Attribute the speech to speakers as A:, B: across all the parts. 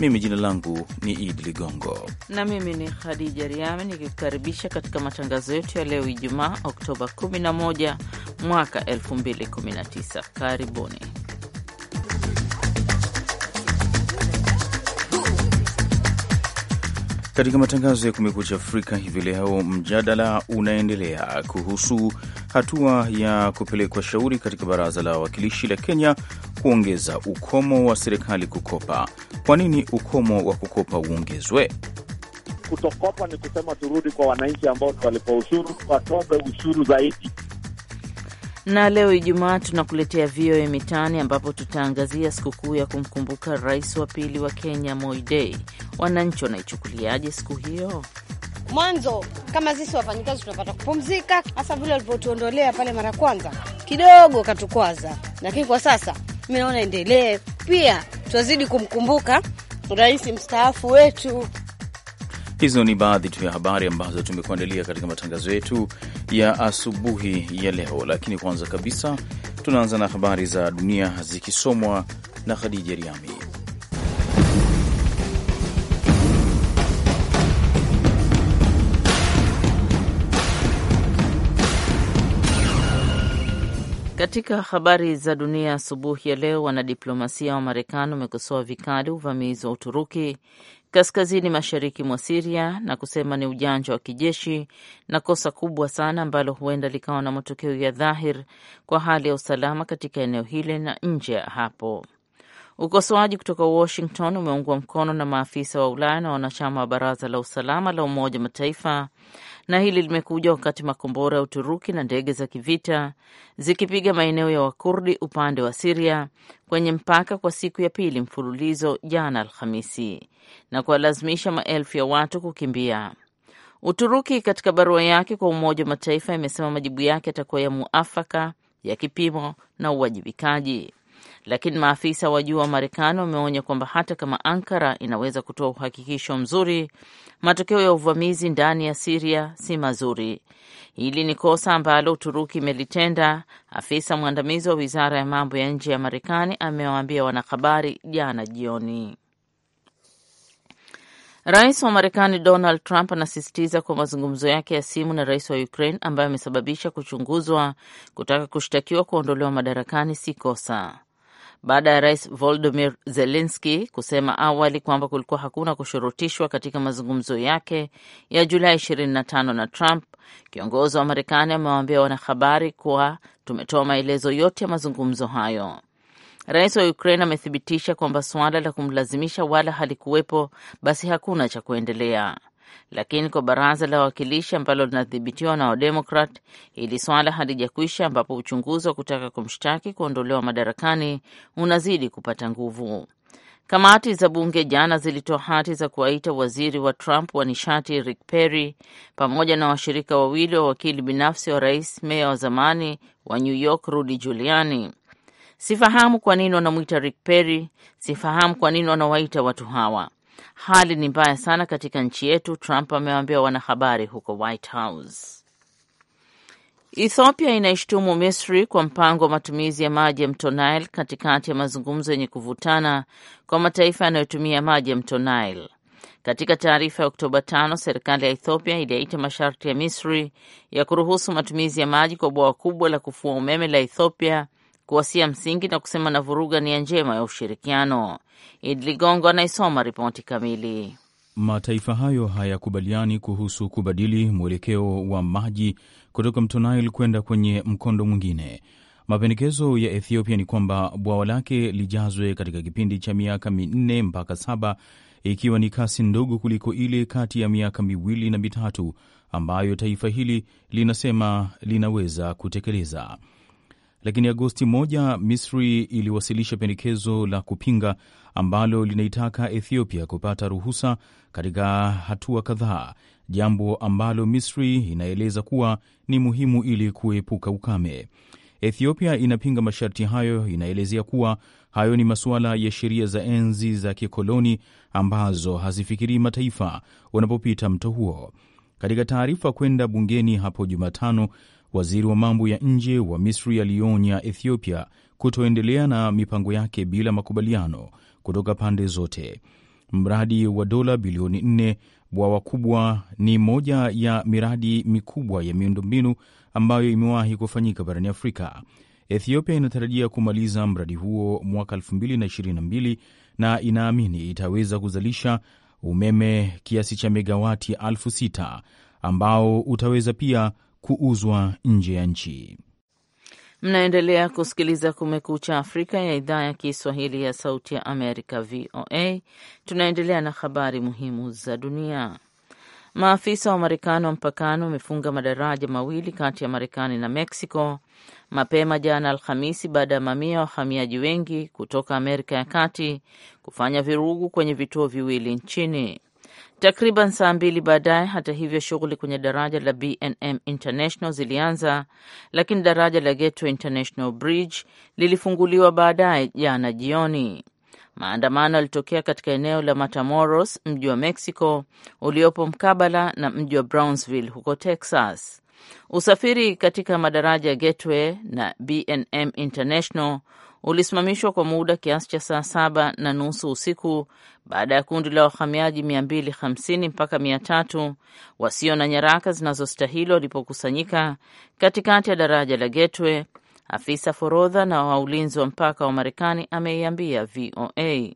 A: mimi jina langu ni Idi Ligongo
B: na mimi ni Khadija Riami nikikukaribisha katika matangazo yetu ya leo Ijumaa, Oktoba 11 mwaka 2019. Karibuni.
A: Katika matangazo ya Kumekucha Afrika hivi leo, mjadala unaendelea kuhusu hatua ya kupelekwa shauri katika baraza la wawakilishi la Kenya kuongeza ukomo wa serikali kukopa. Kwa nini ukomo wa kukopa uongezwe?
C: Kutokopa ni kusema turudi kwa wananchi ambao walipa ushuru, watobe ushuru zaidi.
B: Na leo Ijumaa tunakuletea VOA Mitaani, ambapo tutaangazia sikukuu ya kumkumbuka rais wa pili wa Kenya, Moi Day. Wananchi wanaichukuliaje siku hiyo?
D: Mwanzo kama sisi wafanyikazi tunapata kupumzika, hasa vile walivyotuondolea pale mara kwanza, kidogo katukwaza, lakini kwa sasa mi naona endelee. Pia tuwazidi kumkumbuka rais mstaafu wetu.
A: Hizo ni baadhi tu ya habari ambazo tumekuandalia katika matangazo yetu ya asubuhi ya leo, lakini kwanza kabisa tunaanza na habari za dunia zikisomwa na Khadija Riami.
B: Katika habari za dunia asubuhi ya leo, wanadiplomasia wa Marekani wamekosoa vikali uvamizi wa Uturuki kaskazini mashariki mwa Siria na kusema ni ujanja wa kijeshi na kosa kubwa sana ambalo huenda likawa na matokeo ya dhahir kwa hali ya usalama katika eneo hili na nje ya hapo. Ukosoaji kutoka Washington umeungwa mkono na maafisa wa Ulaya na wanachama wa Baraza la Usalama la Umoja wa Mataifa, na hili limekuja wakati makombora ya Uturuki na ndege za kivita zikipiga maeneo ya Wakurdi upande wa Siria kwenye mpaka kwa siku ya pili mfululizo jana Alhamisi, na kuwalazimisha maelfu ya watu kukimbia. Uturuki katika barua yake kwa Umoja wa Mataifa imesema majibu yake yatakuwa ya muafaka, ya kipimo na uwajibikaji lakini maafisa wa juu wa Marekani wameonya kwamba hata kama Ankara inaweza kutoa uhakikisho mzuri, matokeo ya uvamizi ndani ya Siria si mazuri. Hili ni kosa ambalo Uturuki imelitenda, afisa mwandamizi wa wizara ya mambo ya nje ya Marekani amewaambia wanahabari jana jioni. Rais wa Marekani Donald Trump anasisitiza kwa mazungumzo yake ya simu na rais wa Ukraine ambayo amesababisha kuchunguzwa kutaka kushtakiwa kuondolewa madarakani si kosa baada ya rais Volodymyr Zelensky kusema awali kwamba kulikuwa hakuna kushurutishwa katika mazungumzo yake ya Julai 25 na Trump. Kiongozi wa Marekani amewaambia wanahabari kuwa tumetoa maelezo yote ya mazungumzo hayo. Rais wa Ukraine amethibitisha kwamba suala la kumlazimisha wala halikuwepo, basi hakuna cha kuendelea lakini kwa baraza la wawakilishi ambalo linadhibitiwa na Wademokrat, ili swala halijakwisha, ambapo uchunguzi wa kutaka kumshtaki kuondolewa madarakani unazidi kupata nguvu. Kamati za bunge jana zilitoa hati za kuwaita waziri wa Trump wa nishati Rick Perry pamoja na washirika wawili wa wakili binafsi wa rais, meya wa zamani wa New York Rudy Giuliani. Sifahamu kwa nini wanamwita Rick Perry, sifahamu kwa nini wanawaita watu hawa. Hali ni mbaya sana katika nchi yetu, Trump amewaambia wanahabari huko White House. Ethiopia inaishtumu Misri kwa mpango wa matumizi ya maji ya mto Nile katikati ya mazungumzo yenye kuvutana kwa mataifa yanayotumia maji ya mto Nile. Katika taarifa ya Oktoba tano, serikali ya Ethiopia iliyaita masharti ya Misri ya kuruhusu matumizi ya maji kwa bwawa kubwa la kufua umeme la Ethiopia kuwasia msingi na kusema na vuruga nia njema ya ushirikiano. Id Ligongo anaisoma ripoti kamili.
A: Mataifa hayo hayakubaliani kuhusu kubadili mwelekeo wa maji kutoka mto Nile kwenda kwenye mkondo mwingine. Mapendekezo ya Ethiopia ni kwamba bwawa lake lijazwe katika kipindi cha miaka minne mpaka saba ikiwa ni kasi ndogo kuliko ile kati ya miaka miwili na mitatu ambayo taifa hili linasema linaweza kutekeleza. Lakini Agosti moja, Misri iliwasilisha pendekezo la kupinga ambalo linaitaka Ethiopia kupata ruhusa katika hatua kadhaa, jambo ambalo Misri inaeleza kuwa ni muhimu ili kuepuka ukame. Ethiopia inapinga masharti hayo, inaelezea kuwa hayo ni masuala ya sheria za enzi za kikoloni ambazo hazifikirii mataifa wanapopita mto huo. Katika taarifa kwenda bungeni hapo Jumatano, Waziri wa mambo ya nje wa Misri alionya Ethiopia kutoendelea na mipango yake bila makubaliano kutoka pande zote. Mradi wa dola bilioni nne bwawa kubwa ni moja ya miradi mikubwa ya miundombinu ambayo imewahi kufanyika barani Afrika. Ethiopia inatarajia kumaliza mradi huo mwaka 2022 na inaamini itaweza kuzalisha umeme kiasi cha megawati elfu sita ambao utaweza pia kuuzwa nje ya nchi.
B: Mnaendelea kusikiliza Kumekucha Afrika ya idhaa ya Kiswahili ya Sauti ya Amerika, VOA. Tunaendelea na habari muhimu za dunia. Maafisa wa Marekani wa mpakani wamefunga madaraja mawili kati ya Marekani na Meksiko mapema jana Alhamisi baada ya mamia ya wahamiaji wengi kutoka Amerika ya Kati kufanya virugu kwenye vituo viwili nchini. Takriban saa mbili baadaye, hata hivyo, shughuli kwenye daraja la BNM International zilianza, lakini daraja la Gateway International Bridge lilifunguliwa baadaye jana jioni. Maandamano yalitokea katika eneo la Matamoros, mji wa Mexico uliopo mkabala na mji wa Brownsville huko Texas. Usafiri katika madaraja ya Gateway na BNM International ulisimamishwa kwa muda kiasi cha saa saba na nusu usiku baada ya kundi la wahamiaji 250 mpaka 300 wasio na nyaraka zinazostahili walipokusanyika katikati ya daraja la Getwe. Afisa forodha na waulinzi wa mpaka wa Marekani ameiambia VOA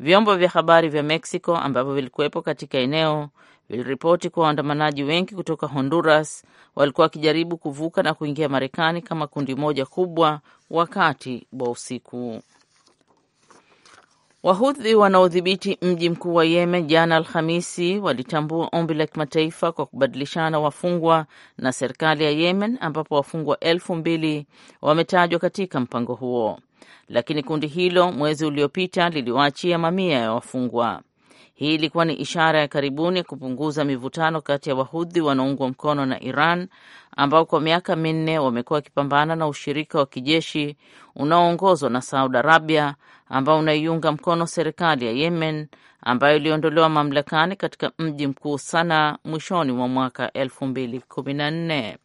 B: vyombo vya habari vya Mexico ambavyo vilikuwepo katika eneo viliripoti kuwa waandamanaji wengi kutoka Honduras walikuwa wakijaribu kuvuka na kuingia Marekani kama kundi moja kubwa wakati wa usiku. Wahudhi wanaodhibiti mji mkuu wa Yemen jana Alhamisi walitambua ombi la kimataifa kwa kubadilishana wafungwa na serikali ya Yemen, ambapo wafungwa elfu mbili wametajwa katika mpango huo, lakini kundi hilo mwezi uliopita liliwaachia mamia ya wafungwa. Hii ilikuwa ni ishara ya karibuni ya kupunguza mivutano kati ya Wahudhi wanaoungwa mkono na Iran ambao kwa miaka minne wamekuwa wakipambana na ushirika wa kijeshi unaoongozwa na Saudi Arabia ambao unaiunga mkono serikali ya Yemen ambayo iliondolewa mamlakani katika mji mkuu sana mwishoni mwa mwaka 2014.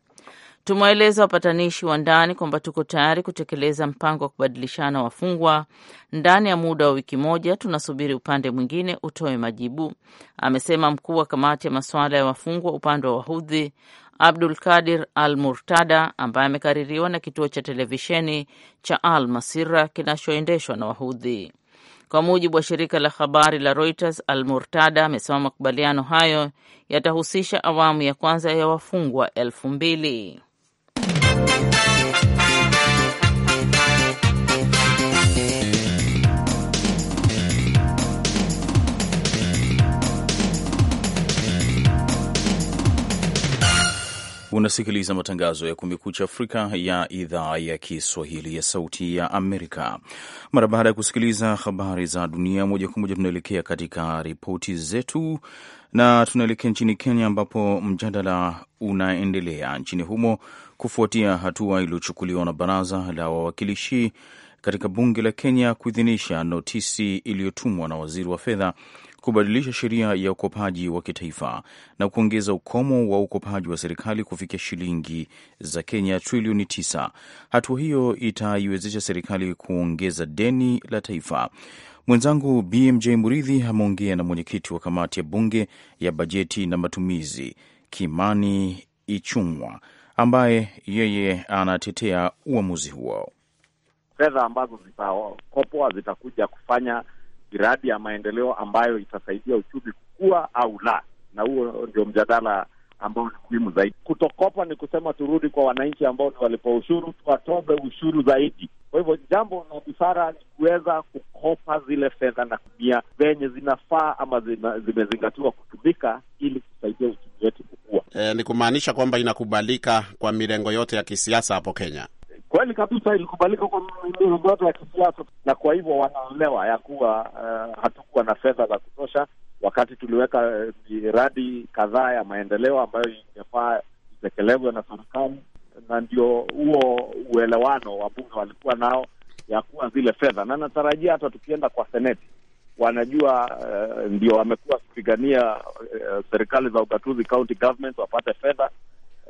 B: Tumewaeleza wapatanishi wa ndani kwamba tuko tayari kutekeleza mpango wa kubadilishana wafungwa ndani ya muda wa wiki moja. Tunasubiri upande mwingine utoe majibu, amesema mkuu wa kamati ya masuala ya wafungwa upande wa Wahudhi Abdul Kadir Al Murtada, ambaye amekaririwa na kituo cha televisheni cha Al Masira kinachoendeshwa na Wahudhi. Kwa mujibu wa shirika la habari la Reuters, Al Murtada amesema makubaliano hayo yatahusisha awamu ya kwanza ya wafungwa elfu mbili.
A: Unasikiliza matangazo ya Kumekucha Afrika ya idhaa ya Kiswahili ya Sauti ya Amerika. Mara baada ya kusikiliza habari za dunia moja kwa moja, tunaelekea katika ripoti zetu na tunaelekea nchini Kenya, ambapo mjadala unaendelea nchini humo kufuatia hatua iliyochukuliwa na baraza la wawakilishi katika bunge la Kenya kuidhinisha notisi iliyotumwa na waziri wa fedha kubadilisha sheria ya ukopaji wa kitaifa na kuongeza ukomo wa ukopaji wa serikali kufikia shilingi za Kenya trilioni tisa. Hatua hiyo itaiwezesha serikali kuongeza deni la taifa. Mwenzangu BMJ Muridhi ameongea na mwenyekiti wa kamati ya bunge ya bajeti na matumizi Kimani Ichung'wa ambaye yeye anatetea uamuzi huo.
C: Fedha ambazo zitakopwa zitakuja kufanya miradi ya maendeleo ambayo itasaidia uchumi kukua au la, na huo ndio mjadala ambao ni muhimu zaidi. Kutokopa ni kusema turudi kwa wananchi ambao ni walipa ushuru, tuwatobe ushuru zaidi. Kwa hivyo jambo la busara ni kuweza kukopa zile fedha na kutumia venye zinafaa ama zina, zimezingatiwa kutumika ili kusaidia uchumi wetu kukua.
E: E, ni kumaanisha kwamba inakubalika kwa mirengo yote ya kisiasa hapo Kenya.
C: Kweli kabisa, ilikubalika kwa mirengo yote ya kisiasa, na kwa hivyo wanaolewa ya kuwa uh, hatukuwa na fedha za kutosha wakati tuliweka eh, miradi kadhaa ya maendeleo ambayo ingefaa itekelezwe na serikali, na ndio huo uelewano wabunge walikuwa nao ya kuwa zile fedha, na natarajia hata tukienda kwa seneti wanajua uh, ndio wamekuwa wakipigania uh, serikali za ugatuzi county government wapate fedha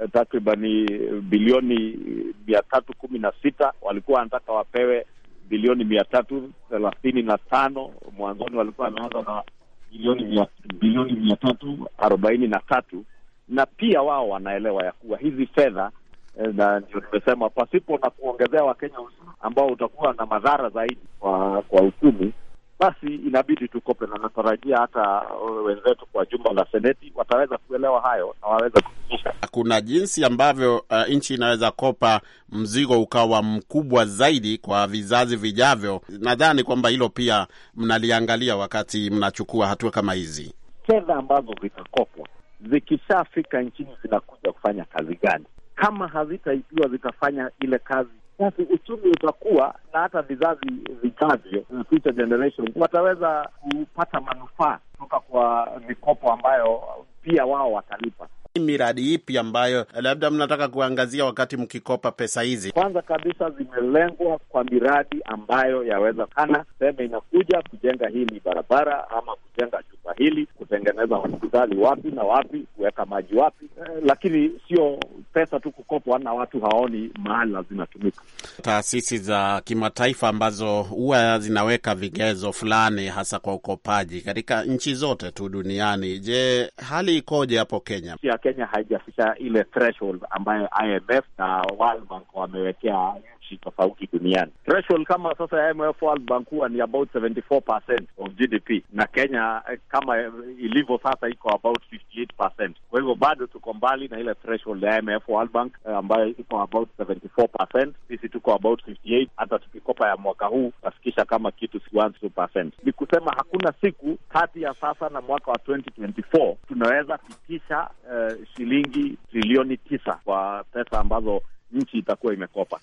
C: uh, takribani bilioni mia tatu kumi na sita walikuwa wanataka wapewe bilioni mia tatu thelathini na tano mwanzoni walikuwa wameanza na bilioni bilioni mia tatu arobaini na tatu na pia wao wanaelewa ya kuwa hizi fedha eh, na ndio nimesema pasipo na kuongezea Wakenya ambao utakuwa na madhara zaidi kwa, kwa uchumi basi inabidi tukope, na natarajia hata uh, wenzetu kwa jumba la seneti wataweza kuelewa hayo na waweza kufikisha.
E: Kuna jinsi ambavyo uh, nchi inaweza kopa mzigo ukawa mkubwa zaidi kwa vizazi vijavyo. Nadhani kwamba hilo pia mnaliangalia wakati mnachukua hatua kama hizi.
C: Fedha ambazo zitakopwa zikishafika nchini zinakuja kufanya kazi gani? Kama hazitaibiwa zitafanya ile kazi basi uchumi utakuwa na hata vizazi vijavyo, future generation wataweza kupata manufaa kutoka kwa mikopo ambayo pia wao watalipa. ni Miradi ipi
E: ambayo labda mnataka kuangazia wakati mkikopa pesa hizi? Kwanza
C: kabisa zimelengwa kwa miradi ambayo yawezekana, seme inakuja kujenga hili barabara ama kujenga hili kutengeneza hospitali wapi na wapi, kuweka maji wapi eh, lakini sio pesa tu kukopwa na watu haoni mahala zinatumika
E: Taasisi za kimataifa ambazo huwa zinaweka vigezo fulani hasa kwa ukopaji katika nchi zote tu duniani, je, hali ikoje hapo Kenya?
C: Ya Kenya haijafikia ile threshold ambayo IMF na World Bank wamewekea nchi tofauti duniani. Threshold kama sasa ya IMF World Bank huwa ni about 74% of GDP na Kenya eh, kama ilivyo sasa iko about 58%. Kwa hivyo bado tuko mbali na ile threshold ya IMF World Bank eh, ambayo iko about 74%. Sisi tuko about 58. Hata tukikopa ya mwaka huu tafikisha kama kitu 1.2%. Ni kusema hakuna siku kati ya sasa na mwaka wa 2024 tunaweza fikisha uh, shilingi trilioni tisa kwa pesa ambazo nchi itakuwa imekopa.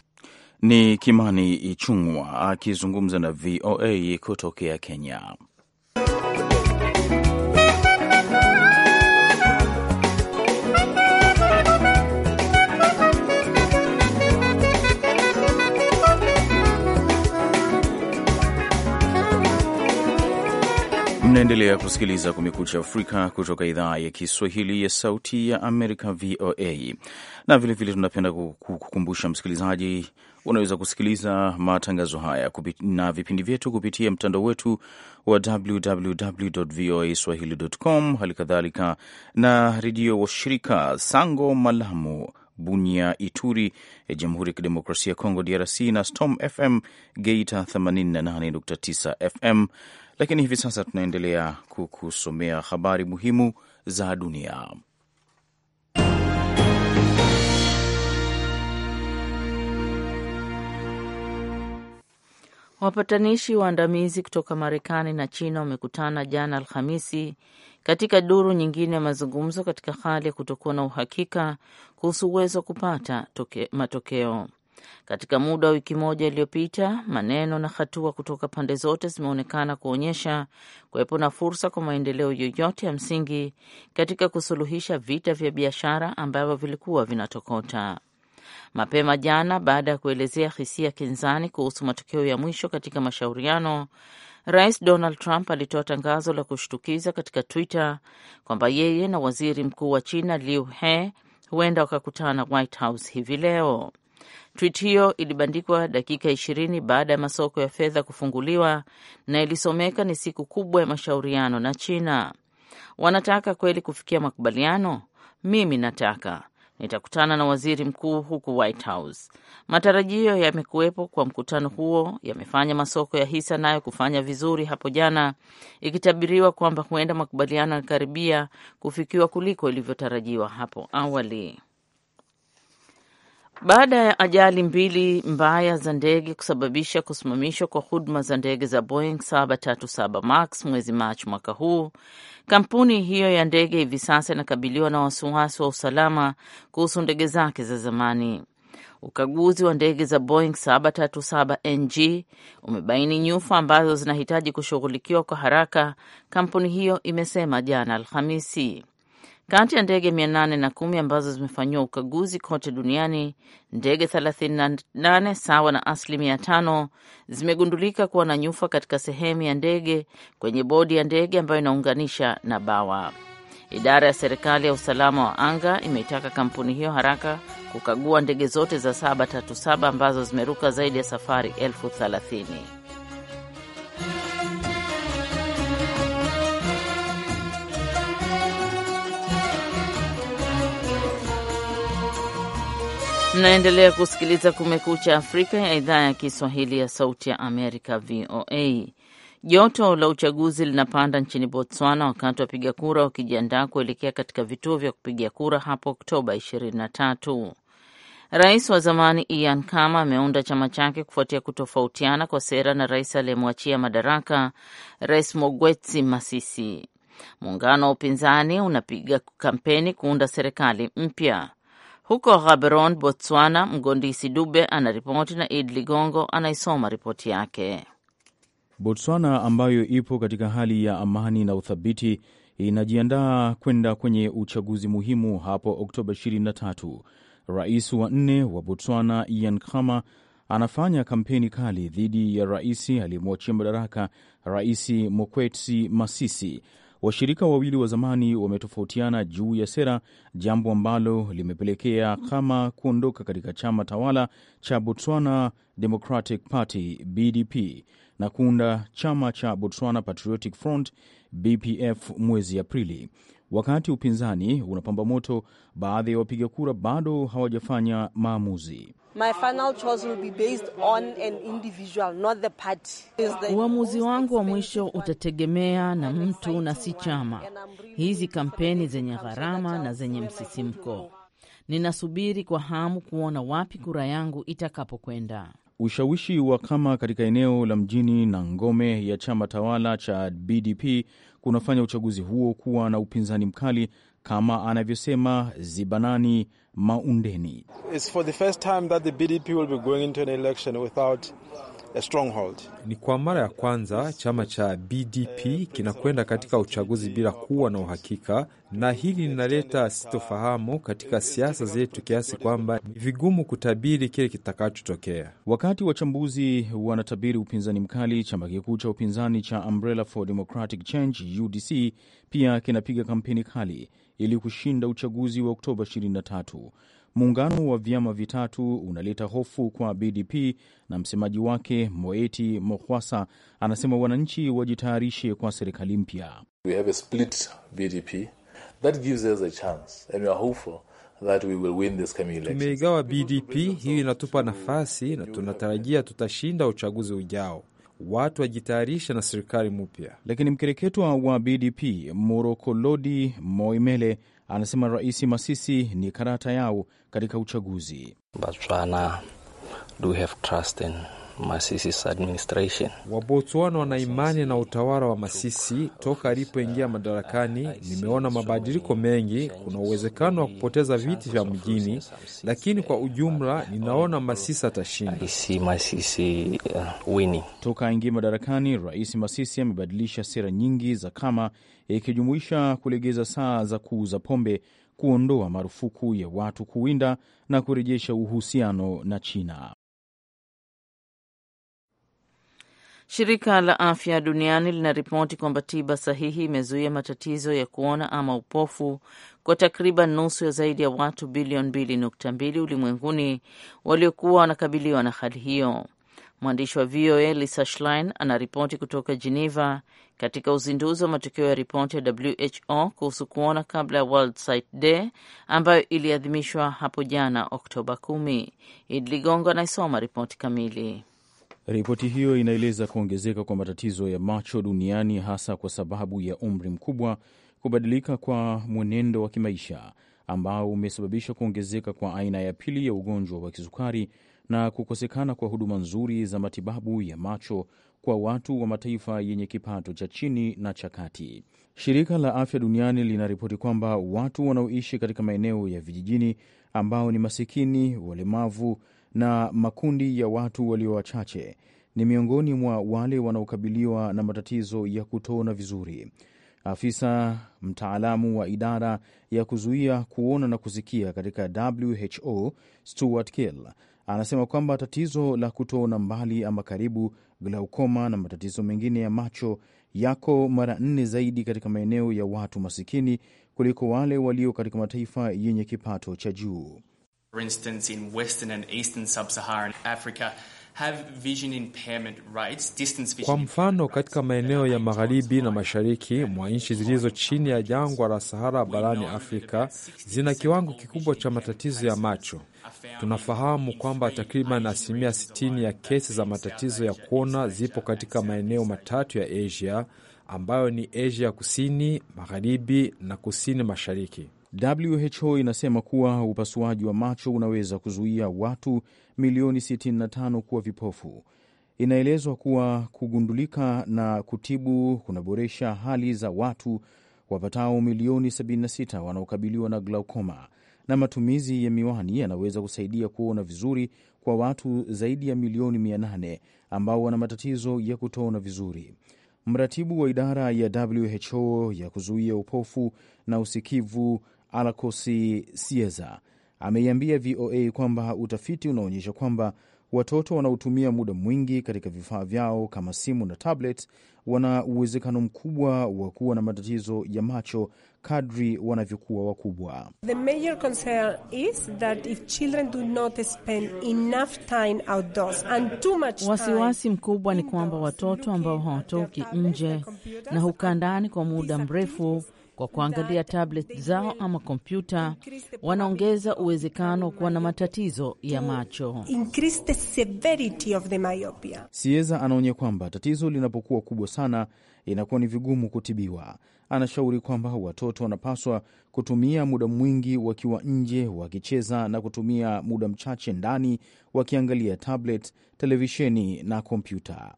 A: Ni Kimani Ichung'wa akizungumza na VOA kutokea Kenya. Mnaendelea kusikiliza Kumekucha Afrika kutoka idhaa ya Kiswahili ya Sauti ya Amerika, VOA. Na vilevile tunapenda kukukumbusha msikilizaji Unaweza kusikiliza matangazo haya na vipindi vyetu kupitia mtandao wetu wa voa www.voaswahili.com, hali kadhalika na redio washirika Sango Malamu, Bunia, Ituri ya Jamhuri ya Kidemokrasia ya Kongo, DRC, na Storm FM Geita 88.9 FM. Lakini hivi sasa tunaendelea kukusomea habari muhimu za dunia.
B: Wapatanishi waandamizi kutoka Marekani na China wamekutana jana Alhamisi katika duru nyingine ya mazungumzo katika hali ya kutokuwa na uhakika kuhusu uwezo wa kupata toke, matokeo. Katika muda wa wiki moja iliyopita, maneno na hatua kutoka pande zote zimeonekana kuonyesha kuwepo na fursa kwa maendeleo yoyote ya msingi katika kusuluhisha vita vya biashara ambavyo vilikuwa vinatokota mapema jana. Baada ya kuelezea hisia kinzani kuhusu matokeo ya mwisho katika mashauriano, Rais Donald Trump alitoa tangazo la kushtukiza katika Twitter kwamba yeye na waziri mkuu wa China Liu He huenda wakakutana White House hivi leo. Twit hiyo ilibandikwa dakika ishirini baada ya masoko ya fedha kufunguliwa na ilisomeka ni siku kubwa ya mashauriano na China. Wanataka kweli kufikia makubaliano? Mimi nataka Nitakutana na waziri mkuu huku White House. Matarajio yamekuwepo kwa mkutano huo yamefanya masoko ya hisa nayo kufanya vizuri hapo jana, ikitabiriwa kwamba huenda makubaliano yakaribia kufikiwa kuliko ilivyotarajiwa hapo awali. Baada ya ajali mbili mbaya za ndege kusababisha kusimamishwa kwa huduma za ndege za Boeing 737 Max mwezi Machi mwaka huu, kampuni hiyo ya ndege hivi sasa inakabiliwa na wasiwasi wa usalama kuhusu ndege zake za zamani. Ukaguzi wa ndege za Boeing 737NG umebaini nyufa ambazo zinahitaji kushughulikiwa kwa haraka, kampuni hiyo imesema jana Alhamisi. Kati ya ndege mia nane na kumi ambazo zimefanyiwa ukaguzi kote duniani, ndege thelathini na nane sawa na asilimia tano zimegundulika kuwa na nyufa katika sehemu ya ndege kwenye bodi ya ndege ambayo inaunganisha na bawa. Idara ya serikali ya usalama wa anga imeitaka kampuni hiyo haraka kukagua ndege zote za 737 ambazo zimeruka zaidi ya safari elfu thelathini. Mnaendelea kusikiliza Kumekucha Afrika ya idhaa ya Kiswahili ya Sauti ya Amerika, VOA. Joto la uchaguzi linapanda nchini Botswana wakati wapiga kura wakijiandaa kuelekea katika vituo vya kupiga kura hapo Oktoba 23. Rais wa zamani Ian Khama ameunda chama chake kufuatia kutofautiana kwa sera na rais aliyemwachia madaraka Rais Mogwetsi Masisi. Muungano wa upinzani unapiga kampeni kuunda serikali mpya. Huko Gaborone, Botswana, Mgondisi Dube anaripoti na Id Ligongo anaisoma ripoti yake.
A: Botswana ambayo ipo katika hali ya amani na uthabiti inajiandaa kwenda kwenye uchaguzi muhimu hapo Oktoba 23. Rais wa nne wa Botswana Ian Khama anafanya kampeni kali dhidi ya rais aliyemwachia madaraka Rais Mokwetsi Masisi Washirika wawili wa zamani wametofautiana juu ya sera, jambo ambalo limepelekea kama kuondoka katika chama tawala cha Botswana Democratic Party BDP na kuunda chama cha Botswana Patriotic Front BPF mwezi Aprili. Wakati upinzani unapamba moto, baadhi ya wapiga kura bado hawajafanya maamuzi.
B: My final choice will be based on an individual, not the party. Uamuzi wangu wa mwisho utategemea na mtu na si chama. Hizi kampeni zenye gharama na zenye msisimko. Ninasubiri kwa hamu kuona wapi kura yangu itakapokwenda.
A: Ushawishi wa kama katika eneo la mjini na ngome ya chama tawala cha BDP kunafanya uchaguzi huo kuwa na upinzani mkali kama anavyosema Zibanani
F: Maundeni. Ni kwa mara ya kwanza chama cha BDP kinakwenda katika uchaguzi bila kuwa na uhakika, na hili linaleta sitofahamu katika siasa zetu kiasi kwamba ni vigumu kutabiri kile kitakachotokea. Wakati wachambuzi
A: wanatabiri upinzani mkali, chama kikuu cha upinzani cha Umbrella for Democratic Change UDC pia kinapiga kampeni kali ili kushinda uchaguzi wa Oktoba 23. Muungano wa vyama vitatu unaleta hofu kwa BDP na msemaji wake Moeti Mohwasa anasema wananchi wajitayarishe kwa serikali mpya.
G: Tumeigawa
F: BDP, hiyo inatupa nafasi na tunatarajia tutashinda uchaguzi ujao watu wajitayarisha na serikali mpya. Lakini mkereketwa wa
A: BDP Morokolodi Moimele anasema Rais Masisi ni karata
F: yao katika uchaguzi. Botswana do have trust in Masisi administration. Wabotswana wana imani na utawala wa Masisi. Toka alipoingia madarakani, nimeona mabadiliko mengi. Kuna uwezekano wa kupoteza viti vya mjini, lakini kwa ujumla ninaona Masisi atashinda.
A: Uh, Toka aingie madarakani, Rais Masisi amebadilisha sera nyingi za kama, ikijumuisha kulegeza saa za kuuza pombe, kuondoa marufuku ya watu kuwinda na kurejesha uhusiano na China.
B: Shirika la Afya Duniani linaripoti kwamba tiba sahihi imezuia matatizo ya kuona ama upofu kwa takriban nusu ya zaidi ya watu bilioni mbili ulimwenguni waliokuwa wanakabiliwa na hali hiyo. Mwandishi wa VOA Lisa Schlein anaripoti kutoka Geneva katika uzinduzi wa matokeo ya ripoti ya WHO kuhusu kuona kabla ya World Sight Day ambayo iliadhimishwa hapo jana Oktoba 10. id Ligongo anaisoma ripoti kamili.
A: Ripoti hiyo inaeleza kuongezeka kwa matatizo ya macho duniani hasa kwa sababu ya umri mkubwa, kubadilika kwa mwenendo wa kimaisha ambao umesababisha kuongezeka kwa aina ya pili ya ugonjwa wa kisukari na kukosekana kwa huduma nzuri za matibabu ya macho kwa watu wa mataifa yenye kipato cha chini na cha kati. Shirika la Afya Duniani linaripoti kwamba watu wanaoishi katika maeneo ya vijijini ambao ni masikini, walemavu na makundi ya watu walio wachache ni miongoni mwa wale wanaokabiliwa na matatizo ya kutoona vizuri. Afisa mtaalamu wa idara ya kuzuia kuona na kusikia katika WHO Stuart Kill anasema kwamba tatizo la kutoona mbali ama karibu, glaukoma na matatizo mengine ya macho yako mara nne zaidi katika maeneo ya watu masikini kuliko wale walio katika mataifa yenye kipato cha juu for instance, in Western and Eastern Sub-Saharan Africa kwa
F: mfano katika maeneo ya magharibi na mashariki mwa nchi zilizo chini ya jangwa la Sahara barani Afrika zina kiwango kikubwa cha matatizo ya macho. Tunafahamu kwamba takriban asilimia 60 ya kesi za matatizo ya kuona zipo katika maeneo matatu ya Asia ambayo ni Asia kusini, magharibi na kusini mashariki. WHO inasema kuwa
A: upasuaji wa macho unaweza kuzuia watu milioni 65 kuwa vipofu. Inaelezwa kuwa kugundulika na kutibu kunaboresha hali za watu wapatao milioni 76 wanaokabiliwa na glaukoma, na matumizi ya miwani yanaweza kusaidia kuona vizuri kwa watu zaidi ya milioni 800 ambao wana matatizo ya kutoona vizuri. Mratibu wa idara ya WHO ya kuzuia upofu na usikivu Alakosi Sieza ameiambia VOA kwamba utafiti unaonyesha kwamba watoto wanaotumia muda mwingi katika vifaa vyao kama simu na tablet wana uwezekano mkubwa wa kuwa na matatizo ya macho kadri wanavyokuwa wakubwa.
B: Wasiwasi mkubwa ni kwamba watoto ambao hawatoki nje na hukaa ndani kwa muda mrefu kwa kuangalia tablet zao ama kompyuta, wanaongeza uwezekano wa kuwa na matatizo ya macho.
A: Sieza anaonya kwamba tatizo linapokuwa kubwa sana inakuwa ni vigumu kutibiwa. Anashauri kwamba watoto wanapaswa kutumia muda mwingi wakiwa nje wakicheza na kutumia muda mchache ndani wakiangalia tablet, televisheni na kompyuta.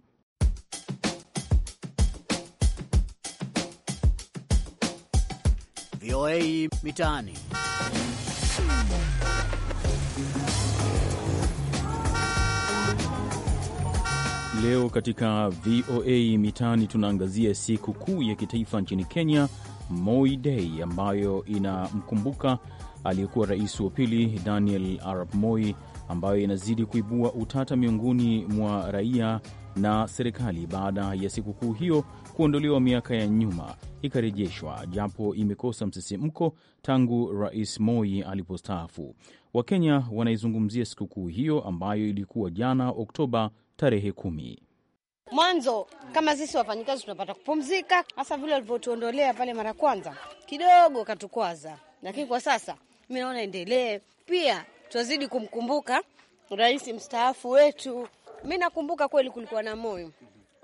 E: VOA Mitaani.
A: Leo katika VOA Mitaani tunaangazia siku kuu ya kitaifa nchini Kenya, Moi Day, ambayo inamkumbuka aliyekuwa rais wa pili Daniel Arap Moi, ambayo inazidi kuibua utata miongoni mwa raia na serikali baada ya sikukuu hiyo kuondolewa miaka ya nyuma ikarejeshwa, japo imekosa msisimko tangu Rais Moi alipostaafu. Wakenya wanaizungumzia sikukuu hiyo ambayo ilikuwa jana Oktoba tarehe
D: kumi. Mwanzo kama sisi wafanyikazi tunapata kupumzika, hasa vile walivyotuondolea pale mara kwanza, kidogo katukwaza lakini kwa sasa mi naona endelee. Pia tuzidi kumkumbuka rais mstaafu wetu. Mi nakumbuka kweli kulikuwa na moyo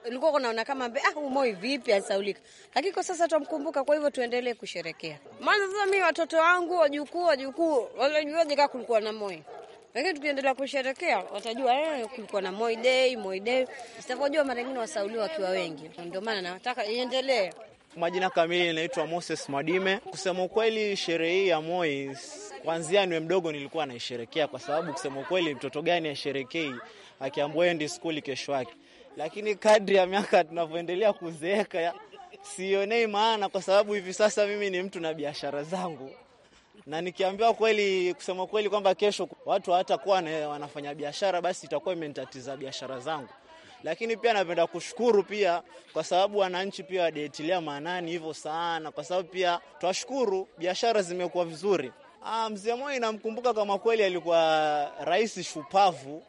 D: ilikuwa kunaona kama mbe, ah, Moi vipi asaulika, lakini kwa sasa twamkumbuka. Kwa hivyo tuendelee kusherekea, maana sasa mimi watoto wangu wajukuu wajukuu wanajuaje kaa kulikuwa na moyo, lakini tukiendelea kusherekea watajua eh, kulikuwa na moyo Day, moyo Day. Sitavojua mara nyingine wasauliwa wakiwa wengi, ndio maana nataka iendelee.
E: Majina kamili inaitwa Moses Mwadime. Kusema ukweli, sherehe hii ya Moi kwanzia niwe mdogo nilikuwa naisherekea, kwa sababu kusema ukweli, mtoto gani asherekei akiambiwa endi skuli kesho yake? Lakini kadri ya miaka tunavyoendelea kuzeeka, sionei maana, kwa sababu hivi sasa mimi ni mtu na biashara zangu na nikiambiwa kweli, kusema kweli, kwamba kesho watu hawatakuwa wanafanya biashara, basi itakuwa imenitatiza biashara zangu lakini pia napenda kushukuru pia kwa sababu wananchi pia wadetilia maanani hivyo sana, kwa sababu pia twashukuru biashara zimekuwa vizuri. Ah, mzee Moi namkumbuka kama kweli alikuwa rais shupavu,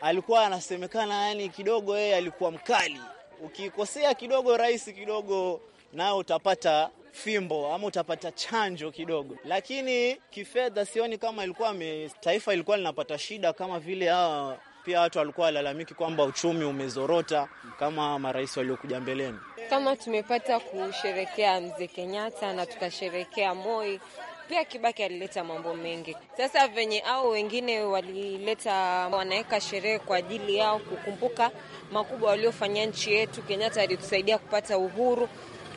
E: alikuwa anasemekana yani kidogo yeye alikuwa mkali, ukikosea kidogo rais kidogo nao utapata fimbo ama utapata chanjo kidogo, lakini kifedha sioni kama ilikuwa taifa ilikuwa linapata shida kama vile hawa pia watu walikuwa walalamiki kwamba uchumi umezorota kama marais waliokuja mbeleni.
D: Kama tumepata kusherekea mzee Kenyatta na tukasherekea Moi, pia Kibaki alileta mambo mengi. Sasa venye au wengine walileta, wanaweka sherehe kwa ajili yao kukumbuka makubwa waliofanyia nchi yetu. Kenyatta alitusaidia kupata uhuru,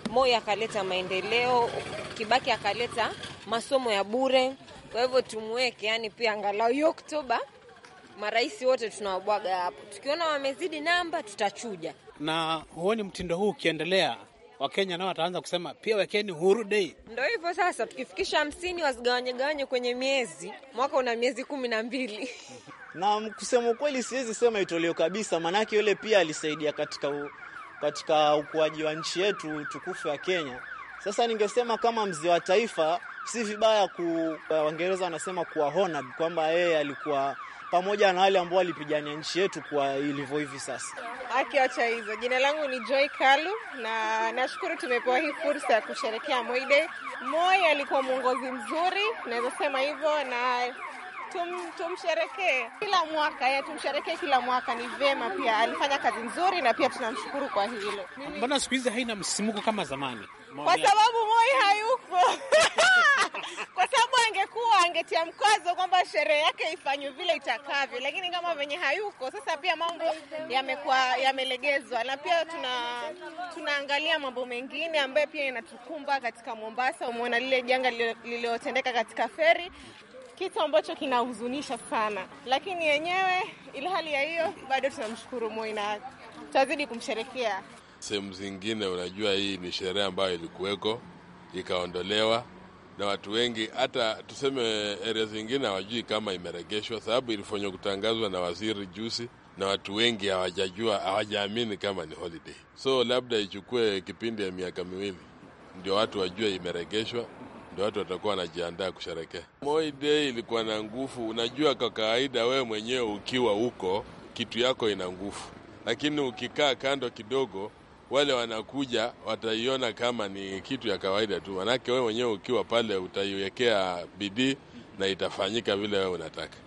D: Moi akaleta maendeleo, Kibaki akaleta masomo ya bure. Kwa hivyo tumweke, yani pia angalau hiyo Oktoba marais wote tunawabwaga hapo. Tukiona wamezidi namba, tutachuja.
E: Na huoni mtindo huu ukiendelea, Wakenya nao wataanza kusema pia wekeni uhuru dei.
D: Ndo hivyo sasa, tukifikisha hamsini wazigawanyegawanye kwenye miezi, mwaka una miezi kumi na mbili
E: na kusema ukweli, siwezi sema itolio kabisa, maanake yule pia alisaidia katika u, katika ukuaji wa nchi yetu tukufu ya Kenya. Sasa ningesema kama mzee wa taifa, si vibaya ku eh, Waingereza wanasema kuwa honored kwamba yeye alikuwa pamoja na wale ambao walipigania nchi yetu kwa ilivyo hivi sasa.
D: Akiacha hizo, jina langu ni Joy Kalu na nashukuru tumepewa hii fursa ya kusherekea Moi Day. Moi alikuwa mwongozi mzuri, naweza sema hivyo na tum, tumsherekee kila mwaka ya tumsherekee kila mwaka, ni vema pia. Alifanya kazi nzuri na pia tunamshukuru kwa hilo.
E: Mbona siku hizi haina msimuko kama zamani?
A: Kwa sababu
D: Moi hayupo kwa sababu angekuwa angetia mkazo kwamba sherehe yake ifanywe vile itakavyo, lakini kama venye hayuko sasa, pia mambo yamekuwa yamelegezwa, na pia tuna tunaangalia mambo mengine ambayo pia inatukumba katika Mombasa. Umeona lile janga lililotendeka katika feri, kitu ambacho kinahuzunisha sana, lakini yenyewe ilhali ya hiyo bado tunamshukuru Moi na tutazidi kumsherekea.
G: Sehemu zingine unajua, hii ni sherehe ambayo ilikuweko ikaondolewa, na watu wengi hata tuseme area zingine hawajui kama imeregeshwa, sababu ilifanywa kutangazwa na waziri juzi, na watu wengi hawajajua, hawajaamini kama ni holiday. So labda ichukue kipindi ya miaka miwili ndio watu wajue imeregeshwa, ndio watu watakuwa wanajiandaa kusherekea. Moi Day ilikuwa na nguvu. Unajua, kwa kawaida wewe mwenyewe ukiwa huko kitu yako ina nguvu, lakini ukikaa kando kidogo wale wanakuja wataiona kama ni kitu ya kawaida tu, manake wewe mwenyewe ukiwa pale utaiwekea bidii na itafanyika vile wewe unataka,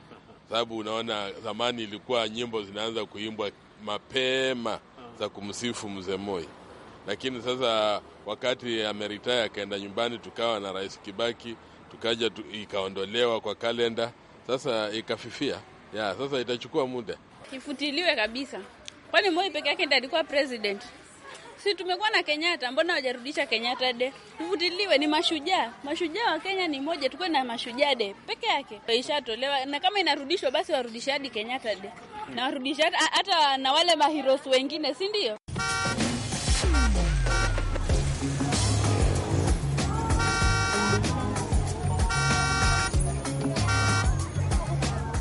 G: sababu unaona, zamani ilikuwa nyimbo zinaanza kuimbwa mapema za kumsifu mzee Moi, lakini sasa wakati ameritaya akaenda nyumbani, tukawa na Rais Kibaki, tukaja tu, ikaondolewa kwa kalenda, sasa ikafifia ya sasa, itachukua muda
B: kifutiliwe kabisa, kwani Moi peke yake ndiye alikuwa president. Si tumekuwa na Kenyatta, mbona wajarudisha Kenyatta de? Tuvutiliwe, ni mashujaa. Mashujaa wa Kenya ni moja, tukuwe na mashujaa de peke yake. Ishatolewa na kama inarudishwa basi warudishe hadi Kenyatta de na warudishe hata na wale mahirosu wengine, si ndio?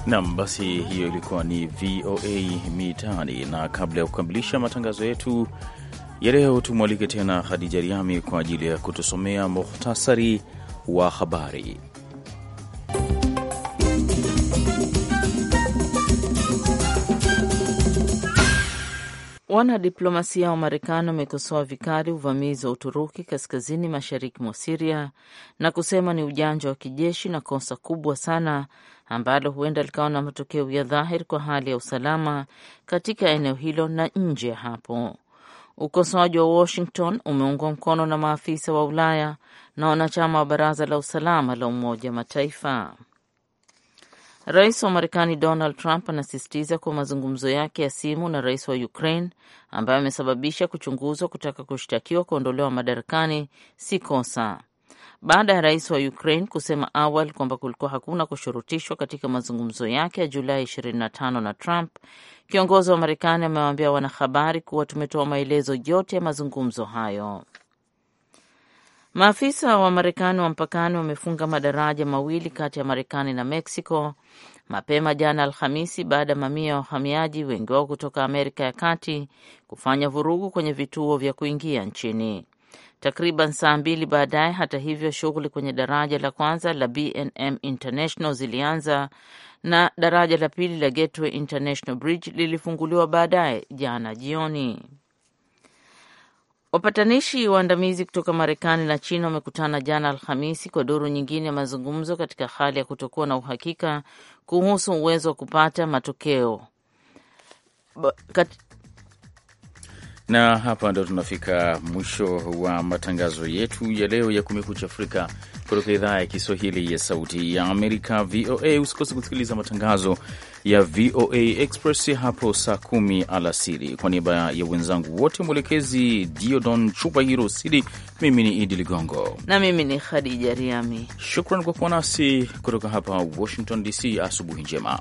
A: Nam, basi hiyo ilikuwa ni VOA Mitaani, na kabla ya kukamilisha matangazo yetu ya leo, tumwalike tena Khadija Riami kwa ajili ya kutusomea muhtasari wa habari.
B: Wanadiplomasia wa Marekani wamekosoa vikali uvamizi wa Uturuki kaskazini mashariki mwa Siria na kusema ni ujanja wa kijeshi na kosa kubwa sana ambalo huenda likawa na matokeo ya dhahiri kwa hali ya usalama katika eneo hilo na nje ya hapo. Ukosoaji wa Washington umeungwa mkono na maafisa wa Ulaya na wanachama wa Baraza la Usalama la Umoja Mataifa. Rais wa Marekani Donald Trump anasisitiza kuwa mazungumzo yake ya simu na rais wa Ukraine ambayo amesababisha kuchunguzwa kutaka kushtakiwa kuondolewa madarakani si kosa baada ya rais wa Ukraine kusema awali kwamba kulikuwa hakuna kushurutishwa katika mazungumzo yake ya Julai 25 na Trump. Kiongozi wa Marekani amewaambia wanahabari kuwa tumetoa maelezo yote ya mazungumzo hayo. Maafisa wa Marekani wa mpakani wamefunga madaraja mawili kati ya Marekani na Mexico mapema jana Alhamisi baada ya mamia ya wahamiaji, wengi wao kutoka Amerika ya Kati, kufanya vurugu kwenye vituo vya kuingia nchini. Takriban saa mbili baadaye, hata hivyo, shughuli kwenye daraja la kwanza la BNM International zilianza na daraja la pili la Gateway International Bridge lilifunguliwa baadaye jana jioni. Wapatanishi waandamizi kutoka Marekani na China wamekutana jana Alhamisi kwa duru nyingine ya mazungumzo katika hali ya kutokuwa na uhakika kuhusu uwezo wa kupata matokeo But, kat,
A: na hapa ndo tunafika mwisho wa matangazo yetu ya leo ya Kumekucha Afrika kutoka idhaa ya Kiswahili ya Sauti ya Amerika, VOA. Usikose kusikiliza matangazo ya VOA Express hapo saa kumi alasiri. Kwa niaba ya wenzangu wote, mwelekezi Diodon Chupa Hiro Sidi, mimi ni Idi Ligongo
B: na mimi ni Khadija Riami.
A: Shukran kwa kuwa nasi kutoka hapa Washington DC. Asubuhi njema.